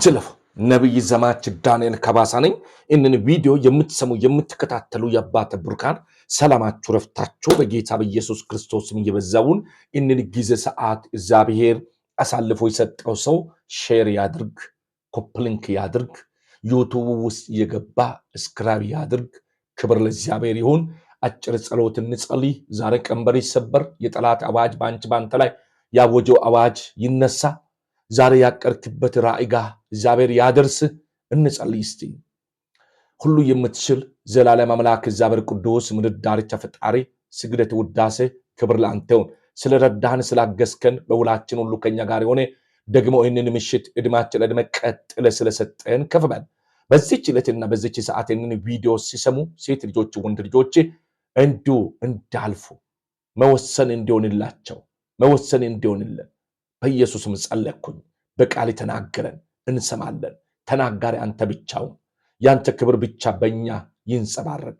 አትለፉ። ነቢይ ዘማች ዳንኤል ከባሳ ነኝ። ይህንን ቪዲዮ የምትሰሙ የምትከታተሉ የአባተ ብሩካን ሰላማችሁ ረፍታችሁ በጌታ በኢየሱስ ክርስቶስም እየበዛውን ይህንን ጊዜ ሰዓት እግዚአብሔር አሳልፎ የሰጠው ሰው ሼር ያድርግ፣ ኮፕሊንክ ያድርግ፣ ዩቱብ ውስጥ እየገባ እስክራብ ያድርግ። ክብር ለእግዚአብሔር ይሁን። አጭር ጸሎት እንጸልይ። ዛሬ ቀንበር ይሰበር። የጠላት አዋጅ በአንቺ በአንተ ላይ ያወጀው አዋጅ ይነሳ። ዛሬ ያቀርክበት ራእይ ጋር እግዚአብሔር ያደርስ። እንጸልይ እስቲ። ሁሉ የምትችል ዘላለም አምላክ እግዚአብሔር ቅዱስ፣ ምድር ዳርቻ ፈጣሪ፣ ስግደት፣ ውዳሴ፣ ክብር ለአንተውን ስለረዳህን ስላገዝከን፣ በውላችን ሁሉ ከኛ ጋር የሆነ ደግሞ ይህንን ምሽት እድማችን ለዕድሜ ቀጥለ ስለሰጠን ከፍ በል። በዚች ዕለትና በዚች ሰዓት ይህንን ቪዲዮ ሲሰሙ ሴት ልጆች፣ ወንድ ልጆች እንዲሁ እንዳልፉ መወሰን እንዲሆንላቸው መወሰን እንዲሆንልን በኢየሱስም ጸለኩኝ። በቃል ተናገረን እንሰማለን። ተናጋሪ አንተ ብቻውን፣ ያንተ ክብር ብቻ በእኛ ይንጸባረቅ።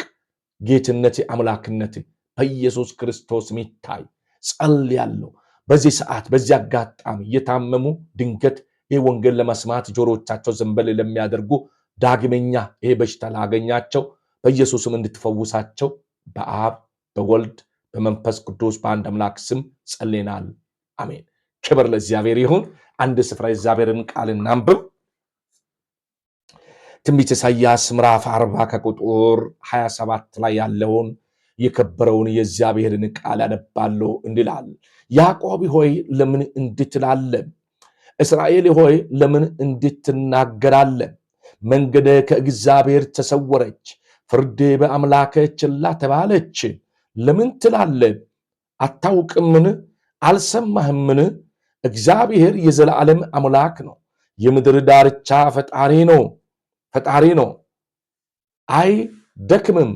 ጌትነት አምላክነት በኢየሱስ ክርስቶስ ሚታይ ጸል ያለው በዚህ ሰዓት በዚህ አጋጣሚ የታመሙ ድንገት ይህ ወንጌል ለመስማት ጆሮቻቸው ዘንበል ለሚያደርጉ ዳግመኛ ይሄ በሽታ ላገኛቸው በኢየሱስም እንድትፈውሳቸው በአብ በወልድ በመንፈስ ቅዱስ በአንድ አምላክ ስም ጸልናል። አሜን። ክብር ለእግዚአብሔር ይሁን። አንድ ስፍራ የእግዚአብሔርን ቃል እናንብብ። ትንቢት ኢሳያስ ምዕራፍ አርባ ከቁጥር 27 ላይ ያለውን የከበረውን የእግዚአብሔርን ቃል ያነባሉ እንዲላል ያዕቆብ ሆይ ለምን እንድትላለን? እስራኤል ሆይ ለምን እንድትናገራለን? መንገደ ከእግዚአብሔር ተሰወረች፣ ፍርድ በአምላከ ችላ ተባለች። ለምን ትላለ አታውቅምን? አልሰማህምን? እግዚአብሔር የዘላለም አምላክ ነው። የምድር ዳርቻ ፈጣሪ ነው ፈጣሪ ነው። አይ ደክምም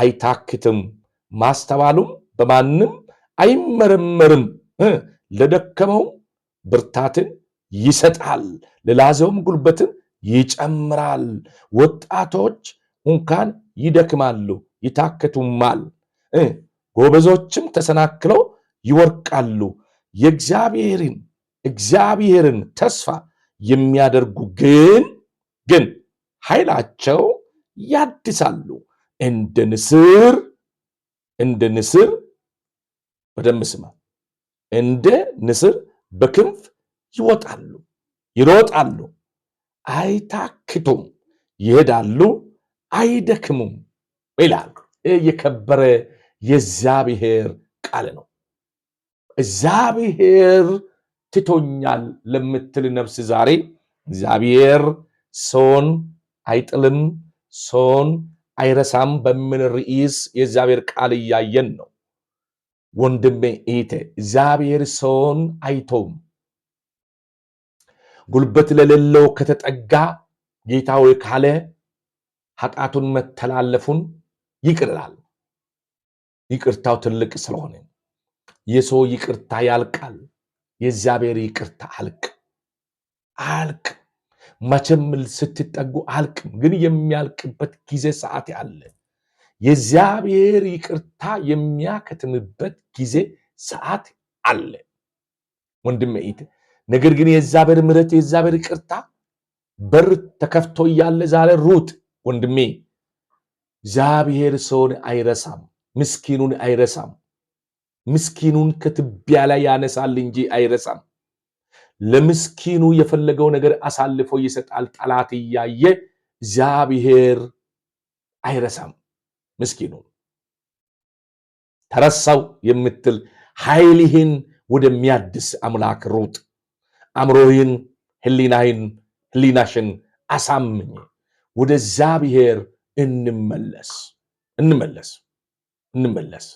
አይታክትም፣ ማስተባሉም በማንም አይመረመርም። ለደከመውም ብርታትን ይሰጣል፣ ለላዘውም ጉልበትን ይጨምራል። ወጣቶች እንኳን ይደክማሉ ይታክቱማል፣ ጎበዞችም ተሰናክለው ይወርቃሉ። የእግዚአብሔርን እግዚአብሔርን ተስፋ የሚያደርጉ ግን ግን ኃይላቸው ያድሳሉ እንደ ንስር እንደ ንስር በደንብ ስማ፣ እንደ ንስር በክንፍ ይወጣሉ፣ ይሮጣሉ፣ አይታክቱም፣ ይሄዳሉ፣ አይደክሙም ይላል። የከበረ የእግዚአብሔር ቃል ነው። እግዚአብሔር ትቶኛል ለምትል ነፍስ ዛሬ እግዚአብሔር ሰውን አይጥልም፣ ሰውን አይረሳም በምን ርዕስ የእግዚአብሔር ቃል እያየን ነው። ወንድሜ እህቴ፣ እግዚአብሔር ሰውን አይቶም ጉልበት ለሌለው ከተጠጋ ጌታ ወይ ካለ ኃጢአቱን መተላለፉን ይቅርላል። ይቅርታው ትልቅ ስለሆነ የሰው ይቅርታ ያልቃል። የእግዚአብሔር ይቅርታ አልቅ አልቅ መቼም ስትጠጉ አልቅም፣ ግን የሚያልቅበት ጊዜ ሰዓት አለ። የእግዚአብሔር ይቅርታ የሚያከትምበት ጊዜ ሰዓት አለ ወንድሜ እህቴ። ነገር ግን የእግዚአብሔር ምሕረት የእግዚአብሔር ይቅርታ በር ተከፍቶ እያለ ዛሬ ሩጥ ወንድሜ። እግዚአብሔር ሰውን አይረሳም፣ ምስኪኑን አይረሳም። ምስኪኑን ከትቢያ ላይ ያነሳል እንጂ አይረሳም። ለምስኪኑ የፈለገው ነገር አሳልፎ ይሰጣል። ጠላት እያየ እግዚአብሔር አይረሳም። ምስኪኑ ተረሳው የምትል ኃይልህን ወደሚያድስ አምላክ ሩጥ። አእምሮህን፣ ህሊናህን ህሊናሽን አሳምኝ። ወደ እግዚአብሔር እንመለስ፣ እንመለስ፣ እንመለስ።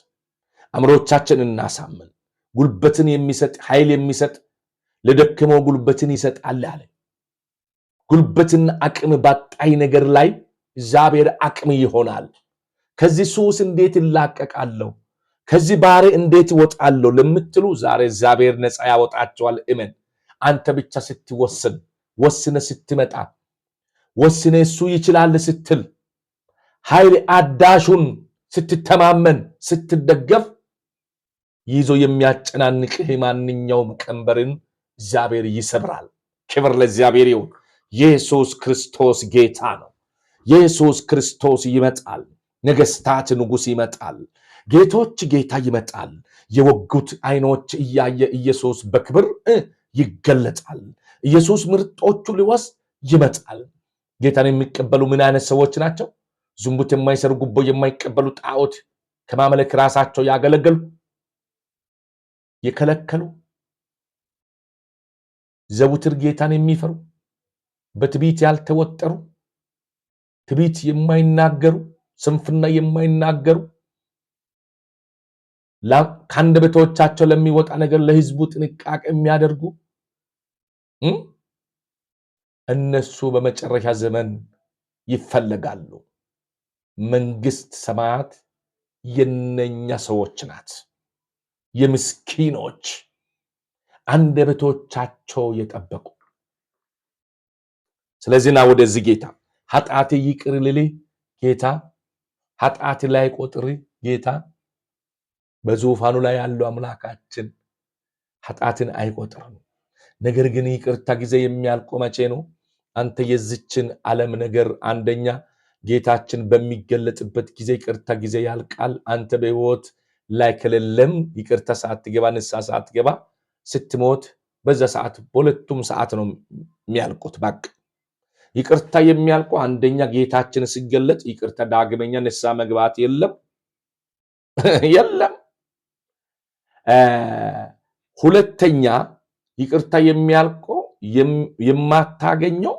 አእምሮቻችን እናሳምን። ጉልበትን የሚሰጥ ኃይል የሚሰጥ ለደከመው ጉልበትን ይሰጣል አለ። ጉልበትና አቅም ባጣይ ነገር ላይ እግዚአብሔር አቅም ይሆናል። ከዚህ ሱስ እንዴት ይላቀቃለሁ? ከዚህ ባህር እንዴት ይወጣለሁ ለምትሉ ዛሬ እግዚአብሔር ነፃ ያወጣቸዋል። እመን። አንተ ብቻ ስትወስን፣ ወስነ ስትመጣ፣ ወስነ እሱ ይችላል ስትል ኃይል አዳሹን ስትተማመን፣ ስትደገፍ ይዞ የሚያጨናንቅህ ማንኛውም ቀንበርን እግዚአብሔር ይሰብራል። ክብር ለእግዚአብሔር ይሁን። ኢየሱስ ክርስቶስ ጌታ ነው። ኢየሱስ ክርስቶስ ይመጣል። ነገስታት ንጉሥ ይመጣል። ጌቶች ጌታ ይመጣል። የወጉት አይኖች እያየ ኢየሱስ በክብር ይገለጣል። ኢየሱስ ምርጦቹ ሊወስድ ይመጣል። ጌታን የሚቀበሉ ምን አይነት ሰዎች ናቸው? ዝንቡት የማይሰሩ፣ ጉቦ የማይቀበሉ፣ ጣዖት ከማመለክ ራሳቸው ያገለገሉ የከለከሉ ዘውትር ጌታን የሚፈሩ በትቢት ያልተወጠሩ ትቢት የማይናገሩ ስንፍና የማይናገሩ ከአንደበቶቻቸው ለሚወጣ ነገር ለሕዝቡ ጥንቃቄ የሚያደርጉ እነሱ በመጨረሻ ዘመን ይፈለጋሉ። መንግስት ሰማያት የነኛ ሰዎች ናት። የምስኪኖች አንደበቶቻቸው የጠበቁ ስለዚህ ና ወደዚህ ጌታ ኃጢአት ይቅር ልል ጌታ ኃጢአት ላይ ቆጥር ጌታ በዙፋኑ ላይ ያለው አምላካችን ኃጢአትን አይቆጥርም። ነገር ግን ይቅርታ ጊዜ የሚያልቀው መቼ ነው? አንተ የዝችን ዓለም ነገር አንደኛ ጌታችን በሚገለጥበት ጊዜ ይቅርታ ጊዜ ያልቃል። አንተ በሕይወት ላይ ከሌለም ይቅርታ ንሳ ሰዓት ትገባ ስትሞት በዛ ሰዓት በሁለቱም ሰዓት ነው የሚያልቁት። በቃ ይቅርታ የሚያልቁ አንደኛ ጌታችን ሲገለጥ ይቅርታ፣ ዳግመኛ ንሳ መግባት የለም የለም። ሁለተኛ ይቅርታ የሚያልቆ የማታገኘው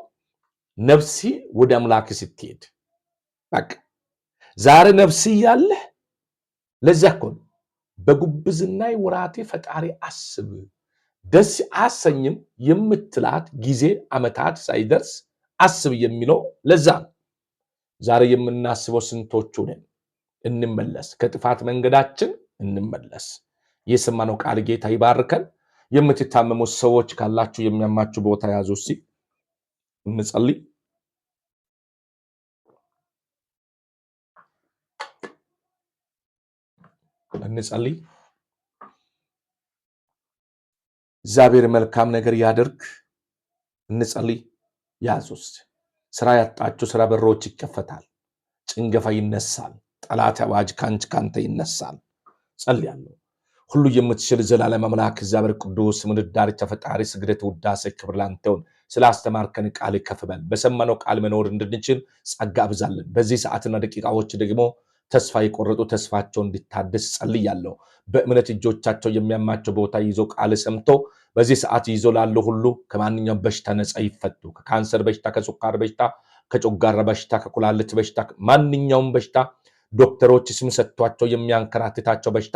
ነፍሲ ወደ አምላክ ስትሄድ በቃ ዛሬ ነፍሲ ያለህ ለዚያ እኮ በጉብዝና በጉብዝናይ ወራቴ ፈጣሪ አስብ ደስ አሰኝም የምትላት ጊዜ ዓመታት ሳይደርስ አስብ የሚለው ለዛ ነው። ዛሬ የምናስበው ስንቶቹ ነን? እንመለስ፣ ከጥፋት መንገዳችን እንመለስ። የሰማነው ቃል ጌታ ይባርከን። የምትታመሙት ሰዎች ካላችሁ የሚያማችሁ ቦታ ያዙ። እስኪ እንጸልይ። እንጸልይ። እግዚአብሔር መልካም ነገር ያድርግ። እንጸልይ። ያዙስ ስራ ያጣችሁ ስራ በሮች ይከፈታል። ጭንገፋ ይነሳል። ጠላት አዋጅ ከአንቺ ካንተ ይነሳል። ጸልያለሁ። ሁሉ የምትችል ዘላለም አምላክ እግዚአብሔር ቅዱስ ምድር ዳርቻ ፈጣሪ ስግደት፣ ውዳሴ፣ ክብር ላንተ ይሁን። ስላስተማርከን ቃል ከፍ በሰማነው ቃል መኖር እንድንችል ጸጋ አብዛለን። በዚህ ሰዓትና ደቂቃዎች ደግሞ ተስፋ የቆረጡ ተስፋቸው እንዲታደስ ጸልያለሁ። በእምነት እጆቻቸው የሚያማቸው ቦታ ይዞ ቃል ሰምቶ በዚህ ሰዓት ይዞ ላለ ሁሉ ከማንኛውም በሽታ ነፃ ይፈቱ። ከካንሰር በሽታ፣ ከሱካር በሽታ፣ ከጮጋራ በሽታ፣ ከኩላሊት በሽታ፣ ማንኛውም በሽታ ዶክተሮች ስም ሰጥቷቸው የሚያንከራትታቸው በሽታ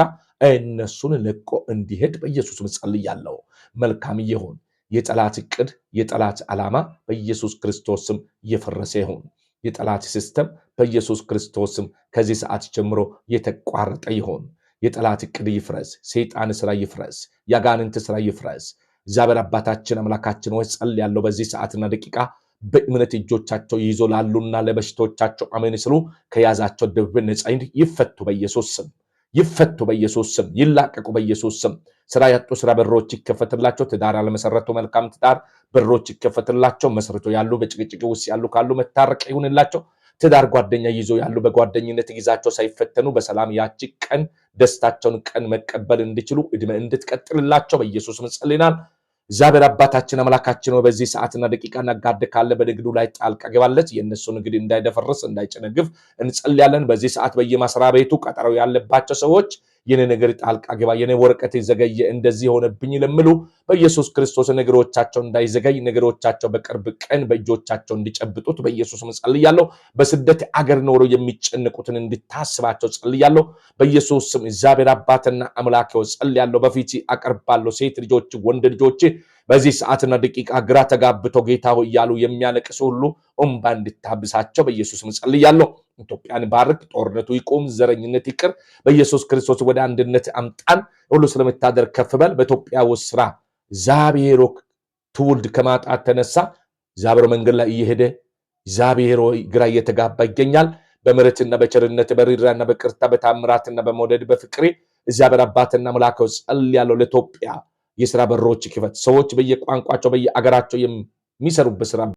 እነሱን ለቆ እንዲሄድ በኢየሱስም ጸልያለሁ። መልካም ይሁን። የጠላት እቅድ የጠላት ዓላማ በኢየሱስ ክርስቶስም እየፈረሰ ይሁን። የጠላት ሲስተም በኢየሱስ ክርስቶስም ከዚህ ሰዓት ጀምሮ የተቋረጠ ይሆን። የጠላት እቅድ ይፍረስ፣ ሰይጣን ስራ ይፍረስ፣ የአጋንንት ስራ ይፍረስ። እግዚአብሔር አባታችን አምላካችን ወይ ጸል ያለው በዚህ ሰዓትና ደቂቃ በእምነት እጆቻቸው ይዞ ላሉና ለበሽቶቻቸው አሜን ስሉ ከያዛቸው ድብን ነጻ ይፈቱ በኢየሱስ ስም። ይፈቱ በኢየሱስ ስም፣ ይላቀቁ በኢየሱስ ስም። ስራ ያጡ ስራ በሮች ይከፈትላቸው። ትዳር አለመሰረቱ መልካም ትዳር በሮች ይከፈትላቸው። መስርቶ ያሉ በጭቅጭቅ ውስጥ ያሉ ካሉ መታረቅ ይሁንላቸው። ትዳር ጓደኛ ይዞ ያሉ በጓደኝነት ይዛቸው ሳይፈተኑ በሰላም ያቺ ቀን ደስታቸውን ቀን መቀበል እንዲችሉ እድሜ እንድትቀጥልላቸው በኢየሱስ ስም እግዚአብሔር አባታችን አምላካችን ነው። በዚህ ሰዓትና ደቂቃ ነጋዴ ካለ በንግዱ ላይ ጣልቃ ገባለት የእነሱ ንግድ እንዳይደፈርስ እንዳይጨነግፍ እንጸልያለን። በዚህ ሰዓት በየማሰራ ቤቱ ቀጠሮ ያለባቸው ሰዎች የኔ ነገር ጣልቃ ግባ፣ የኔ ወረቀት ዘገየ፣ እንደዚህ የሆነብኝ ለምሉ በኢየሱስ ክርስቶስ ነገሮቻቸው እንዳይዘገይ ነገሮቻቸው በቅርብ ቀን በእጆቻቸው እንዲጨብጡት በኢየሱስ ጸልያለሁ። በስደት አገር ኖሮ የሚጨንቁትን እንድታስባቸው ጸልያለሁ። በኢየሱስ ስም እግዚአብሔር አባትና አምላኬው ጸልያለሁ። በፊት አቀርባለሁ ሴት ልጆች፣ ወንድ ልጆች በዚህ ሰዓትና ደቂቃ ግራ ተጋብተው ጌታ ሆይ እያሉ የሚያለቅሱ ሁሉ እምባ እንድታብሳቸው በኢየሱስ ስም ኢትዮጵያን ባርክ፣ ጦርነቱ ይቁም፣ ዘረኝነት ይቅር። በኢየሱስ ክርስቶስ ወደ አንድነት አምጣን። ሁሉ ስለምታደርግ ከፍ በል። በኢትዮጵያ ውስጥ ስራ ዛብሔሮ ትውልድ ከማጣት ተነሳ ዛብሮ መንገድ ላይ እየሄደ ዛብሔሮ ግራ እየተጋባ ይገኛል። በምሕረትና በቸርነት በሪራና በቅርታ በታምራትና በመውደድ በፍቅሬ እግዚአብሔር አባትና አምላክ ጸልያለሁ ለኢትዮጵያ የስራ በሮች ክፈት። ሰዎች በየቋንቋቸው በየአገራቸው የሚሰሩበት ስራ